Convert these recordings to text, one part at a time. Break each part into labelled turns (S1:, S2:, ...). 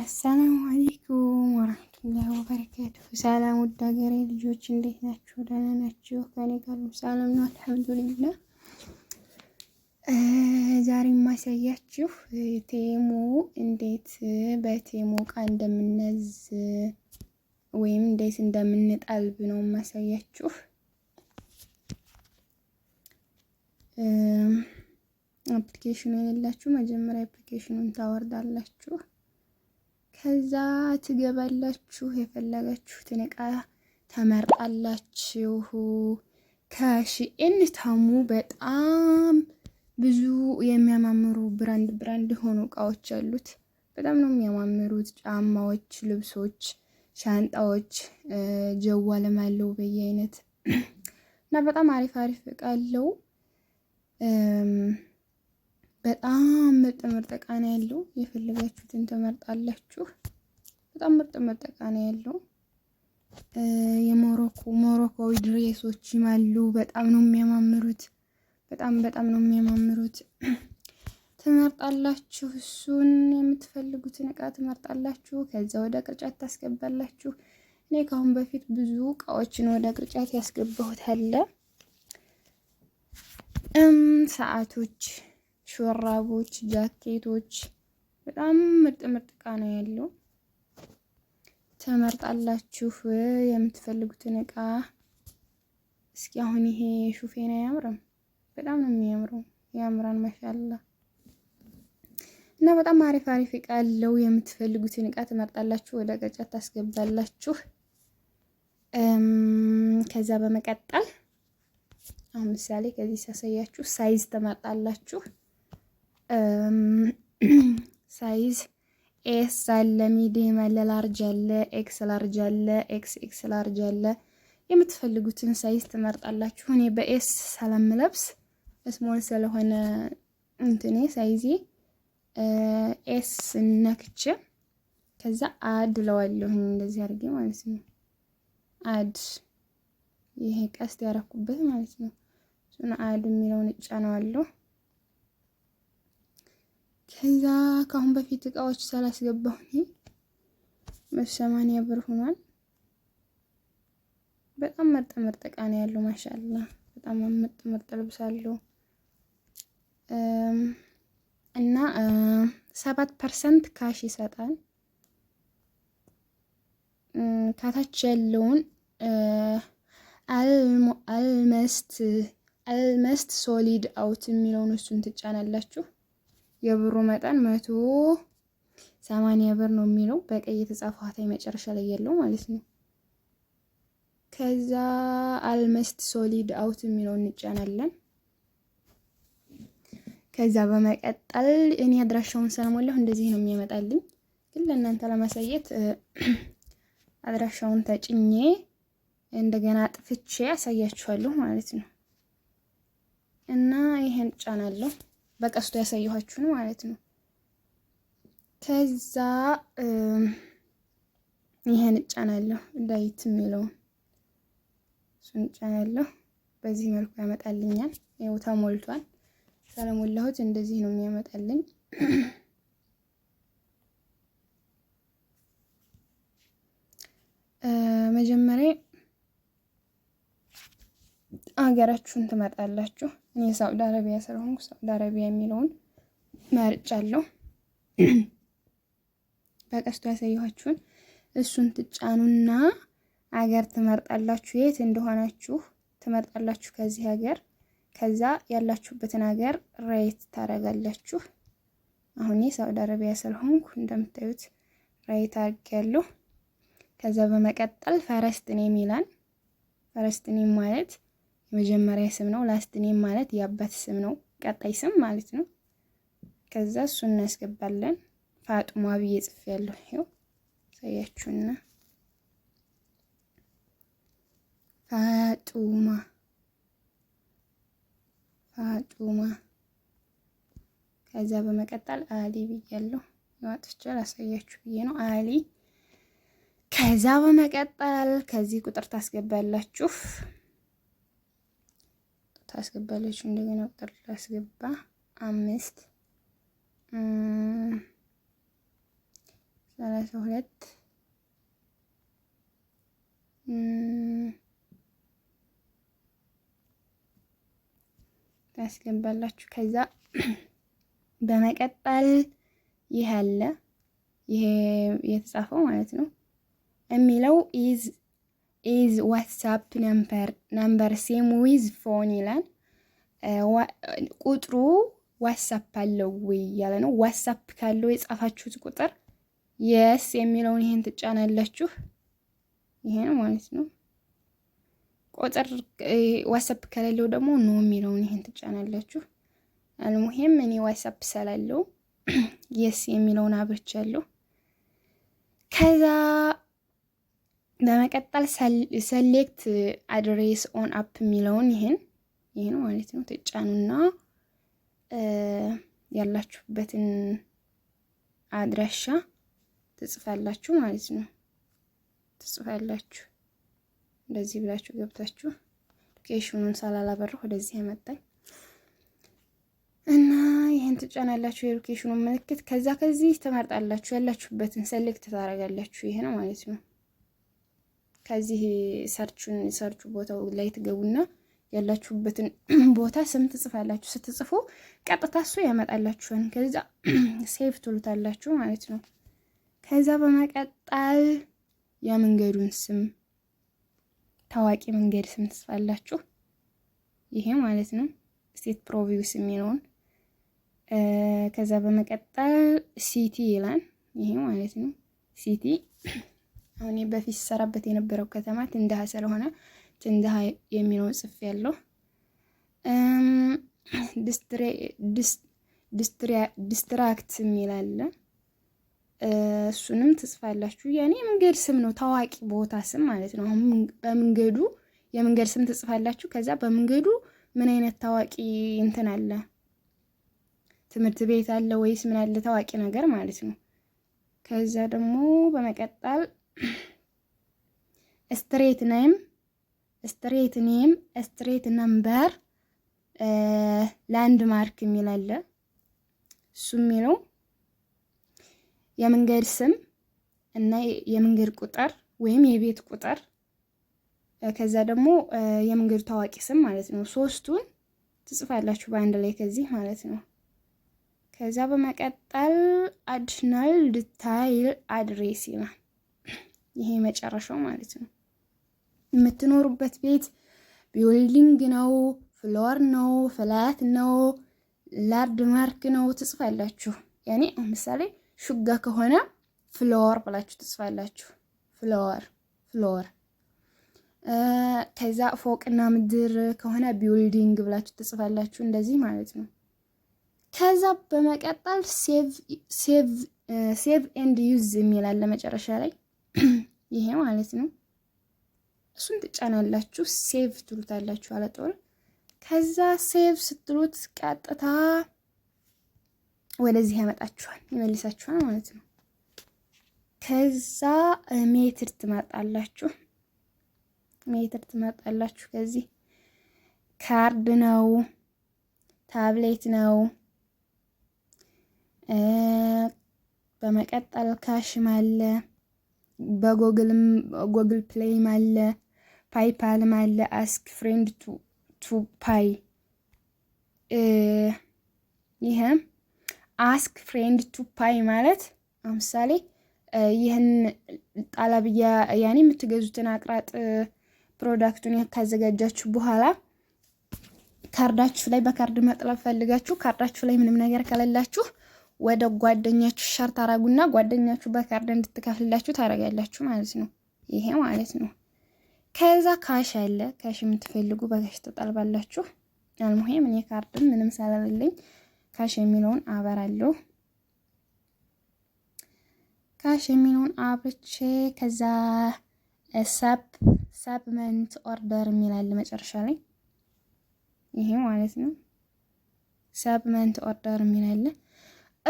S1: አሰላሙ አለይኩም ወራህመቱላሂ ወበረካቱሁ። ሰላም ውድ ሀገሬ ልጆች እንዴት ናችሁ? ደህና ናችሁ? ከኔ ጋር ሰላም ነው አልሐምዱሊላህ። ዛሬ የማሳያችሁ ቴሞ እንዴት በቴሞ እቃ እንደምነዝ ወይም እንዴት እንደምንጠልብ ነው የማሳያችሁ። አፕሊኬሽኑ የሌላችሁ መጀመሪያ አፕሊኬሽኑን ታወርዳላችሁ ከዛ ትገባላችሁ። የፈለጋችሁትን እቃ ተመርጣላችሁ። ከሽኤን ታሙ በጣም ብዙ የሚያማምሩ ብራንድ ብራንድ የሆኑ እቃዎች አሉት። በጣም ነው የሚያማምሩት። ጫማዎች፣ ልብሶች፣ ሻንጣዎች፣ ጀዋልም አለው በየአይነት እና በጣም አሪፍ አሪፍ እቃ አለው። በጣም ምርጥ ምርጥ ቃና ያለው የፈለጋችሁትን ትመርጣላችሁ። በጣም ምርጥ ምርጥ ቃና ያለው የሞሮኮ ሞሮኮዊ ድሬሶች አሉ። በጣም ነው የሚያማምሩት። በጣም በጣም ነው የሚያማምሩት። ትመርጣላችሁ። እሱን የምትፈልጉትን እቃ ትመርጣላችሁ። ከዛ ወደ ቅርጫት ታስገባላችሁ። እኔ ከአሁን በፊት ብዙ እቃዎችን ወደ ቅርጫት ያስገባሁት አለ ሰዓቶች ሹራቦች፣ ጃኬቶች በጣም ምርጥ ምርጥ እቃ ነው ያለው። ተመርጣላችሁ የምትፈልጉትን እቃ። እስኪ አሁን ይሄ ሹፌን አያምርም? በጣም ነው የሚያምረው። ያምራን ማሻላ እና በጣም አሪፍ አሪፍ እቃ ያለው የምትፈልጉትን እቃ ትመርጣላችሁ፣ ወደ ቅርጫት ታስገባላችሁ። ከዛ በመቀጠል አሁን ምሳሌ ከዚህ ሳሳያችሁ ሳይዝ ትመርጣላችሁ። ሳይዝ ኤስ አለ፣ ሚዲየም አለ፣ ላርጅ አለ፣ ኤክስ ላርጅ አለ፣ ኤክስ ኤክስ ላርጅ አለ። የምትፈልጉትን ሳይዝ ትመርጣላችሁ። እኔ በኤስ ስለምለብስ ስሞል ስለሆነ እንትኔ ሳይዜ ኤስ ነክቼ ከዛ አድ ለዋለሁኝ እንደዚህ አድርጌ ማለት ነው። አድ ይሄ ቀስት ያረኩበት ማለት ነው። እሱን አድ የሚለውን እጫነዋለሁ። ከዛ ከአሁን በፊት እቃዎች ሳላስገባሁኝ በሰማንያ ብር ሆኗል። በጣም ምርጥ ምርጥ እቃ ነው ያለው። ማሻላ በጣም ምርጥ ምርጥ ልብስ አለው እና ሰባት ፐርሰንት ካሽ ይሰጣል። ከታች ያለውን አልመስት አልመስት ሶሊድ አውት የሚለውን እሱን ትጫናላችሁ። የብሩ መጠን መቶ ሰማንያ ብር ነው የሚለው በቀይ የተጻፈው ሀታይ መጨረሻ ላይ ያለው ማለት ነው። ከዛ አልመስት ሶሊድ አውት የሚለውን እንጫናለን። ከዛ በመቀጠል እኔ አድራሻውን ስለሞላሁ እንደዚህ ነው የሚያመጣልኝ። ግን ለእናንተ ለማሳየት አድራሻውን ተጭኜ እንደገና ጥፍቼ ያሳያችኋለሁ ማለት ነው እና ይሄን ጫናለሁ። በቀስቱ ያሳየኋችሁን ማለት ነው። ከዛ ይሄን እጫናለሁ ዳይት የሚለውን እሱን እጫናለሁ። በዚህ መልኩ ያመጣልኛል። ይኸው ተሞልቷል። ስለሞላሁት እንደዚህ ነው የሚያመጣልኝ። መጀመሪያ አገራችሁን ትመጣላችሁ። እኔ ሳውዲ አረቢያ ስለሆንኩ ሳውዲ አረቢያ የሚለውን መርጫለሁ። በቀስቱ ያሳየኋችሁን እሱን ትጫኑና አገር ትመርጣላችሁ። የት እንደሆናችሁ ትመርጣላችሁ ከዚህ ሀገር። ከዛ ያላችሁበትን ሀገር ራይት ታደርጋላችሁ። አሁን ሳውዲ አረቢያ ስለሆንኩ እንደምታዩት ራይት አድርጌያለሁ። ከዛ በመቀጠል ፈረስጥኔ የሚላል ፈረስጥኔ ማለት የመጀመሪያ ስም ነው። ላስት ኔም ማለት የአባት ስም ነው፣ ቀጣይ ስም ማለት ነው። ከዛ እሱ እናስገባለን። ፋጡማ ብዬ ጽፍ ያለሁ ይኸው ሳያችሁና ፋጡማ ፋጡማ ከዛ በመቀጠል አሊ ብያለሁ። ይዋጥቻ አሳያችሁ ብዬ ነው አሊ። ከዛ በመቀጠል ከዚህ ቁጥር ታስገባላችሁ። ታስገባለች። እንደገና ቁጥር ላስገባ አምስት ሰላሳ ሁለት ታስገባላችሁ። ከዛ በመቀጠል ይህ አለ ይሄ የተጻፈው ማለት ነው የሚለው ኢዝ ኢዝ ዋትሳፕ ነምበር ነምበር ሴም ዊዝ ፎን ይላል። ቁጥሩ ዋትሳፕ አለው ወይ እያለ ነው። ዋትሳፕ ካለው የጻፋችሁት ቁጥር የስ የሚለውን ይህን ትጫናላችሁ። ይሄን ማለት ነው። ቁጥር ዋትሳፕ ከሌለው ደግሞ ኖ የሚለውን ይህን ትጫናላችሁ። አልሙሄም እኔ ዋትሳፕ ስላለው የስ የሚለውን አብርቻለሁ ከዛ በመቀጠል ሰሌክት አድሬስ ኦን አፕ የሚለውን ይህን ይህን ማለት ነው ትጫኑና ያላችሁበትን አድራሻ ትጽፋላችሁ ማለት ነው። ትጽፋላችሁ እንደዚህ ብላችሁ ገብታችሁ ሎኬሽኑን ሳላላበረ ወደዚህ ያመጣኝ እና ይህን ትጫናላችሁ፣ የሎኬሽኑን ምልክት። ከዛ ከዚህ ትመርጣላችሁ፣ ያላችሁበትን ሰሌክት ታደርጋላችሁ። ይሄ ነው ማለት ነው። ከዚህ ሰርቹን ሰርቹ ቦታው ላይ ትገቡና ያላችሁበትን ቦታ ስም ትጽፋላችሁ። ስትጽፉ ቀጥታ እሱ ያመጣላችኋል። ከዛ ሴቭ ትሉታላችሁ ማለት ነው። ከዛ በመቀጠል የመንገዱን ስም ታዋቂ መንገድ ስም ትጽፋላችሁ። ይሄ ማለት ነው ስቴት ፕሮቪውስ የሚለውን ከዛ በመቀጠል ሲቲ ይላል። ይሄ ማለት ነው ሲቲ አሁን በፊት ሰራበት የነበረው ከተማ ትንደሃ ስለሆነ ትንደሃ የሚለው ጽፍ ያለው ዲስትራክት የሚል እሱንም ትጽፋላችሁ። ያኔ የመንገድ ስም ነው፣ ታዋቂ ቦታ ስም ማለት ነው። አሁን በመንገዱ የመንገድ ስም ትጽፋላችሁ። ከዛ በመንገዱ ምን አይነት ታዋቂ እንትን አለ፣ ትምህርት ቤት አለ ወይስ ምን አለ፣ ታዋቂ ነገር ማለት ነው። ከዛ ደግሞ በመቀጠል ስትሬት ኔም ስትሬት ኔም ስትሬት ነምበር ላንድ ማርክ የሚል አለ። እሱ የሚለው የመንገድ ስም እና የመንገድ ቁጥር ወይም የቤት ቁጥር ከዛ ደግሞ የመንገዱ ታዋቂ ስም ማለት ነው። ሶስቱን ትጽፋላችሁ በአንድ ላይ ከዚህ ማለት ነው። ከዛ በመቀጠል አዲሽናል ዲታይል አድሬስ ይላል። ይሄ መጨረሻው ማለት ነው። የምትኖሩበት ቤት ቢውልዲንግ ነው፣ ፍሎር ነው፣ ፍላት ነው፣ ላርድ ማርክ ነው ትጽፋላችሁ። ያኔ ምሳሌ ሹጋ ከሆነ ፍሎር ብላችሁ ትጽፋላችሁ። ፍሎር ፍሎር። ከዛ ፎቅና ምድር ከሆነ ቢውልዲንግ ብላችሁ ትጽፋላችሁ። እንደዚህ ማለት ነው። ከዛ በመቀጠል ሴቭ ኤንድ ዩዝ የሚላለ መጨረሻ ላይ ይሄ ማለት ነው። እሱን ትጫናላችሁ፣ ሴቭ ትሉታላችሁ አለጦር። ከዛ ሴቭ ስትሉት ቀጥታ ወደዚህ ያመጣችኋል፣ ይመልሳችኋል ማለት ነው። ከዛ ሜትር ትመጣላችሁ፣ ሜትር ትመጣላችሁ ከዚህ ካርድ ነው፣ ታብሌት ነው። በመቀጠል ካሽም አለ። በጎግልም ጎግል ፕሌይም አለ፣ ፓይፓልም አለ፣ አስክ ፍሬንድ ቱ ፓይ ይህ አስክ ፍሬንድ ቱ ፓይ ማለት ምሳሌ ይህን ጣላብያ ያኔ የምትገዙትን አቅራጥ ፕሮዳክቱን ካዘጋጃችሁ በኋላ ካርዳችሁ ላይ በካርድ መጥለብ ፈልጋችሁ ካርዳችሁ ላይ ምንም ነገር ከሌላችሁ ወደ ጓደኛችሁ ሸር ታረጉና ጓደኛችሁ በካርድ እንድትከፍልላችሁ ታደርጋላችሁ ማለት ነው። ይሄ ማለት ነው። ከዛ ካሽ አለ። ካሽ የምትፈልጉ በካሽ ተጠልባላችሁ። አልሙሄም እኔ ካርድም ምንም ሳላለኝ ካሽ የሚለውን አበራለሁ። ካሽ የሚለውን አብርቼ ከዛ ሳብ ሳብመንት ኦርደር የሚላል መጨረሻ ላይ ይሄ ማለት ነው። ሳብመንት ኦርደር የሚላለ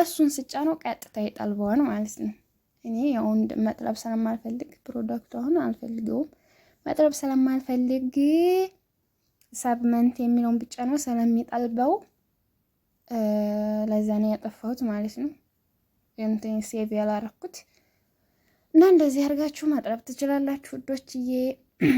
S1: እሱን ስጫ ነው ቀጥታ ይጠልበዋል ማለት ነው። እኔ ያውን መጥለብ ስለማልፈልግ ፕሮዳክቱ አሁን አልፈልገውም። መጥለብ ስለማልፈልግ ሰብመንት የሚለውን ብጫ ነው ስለሚጠልበው ለዛ ነው ያጠፋሁት ማለት ነው። እንትን ሴቭ ያላረኩት እና እንደዚህ አድርጋችሁ መጥለብ ትችላላችሁ ዶችዬ።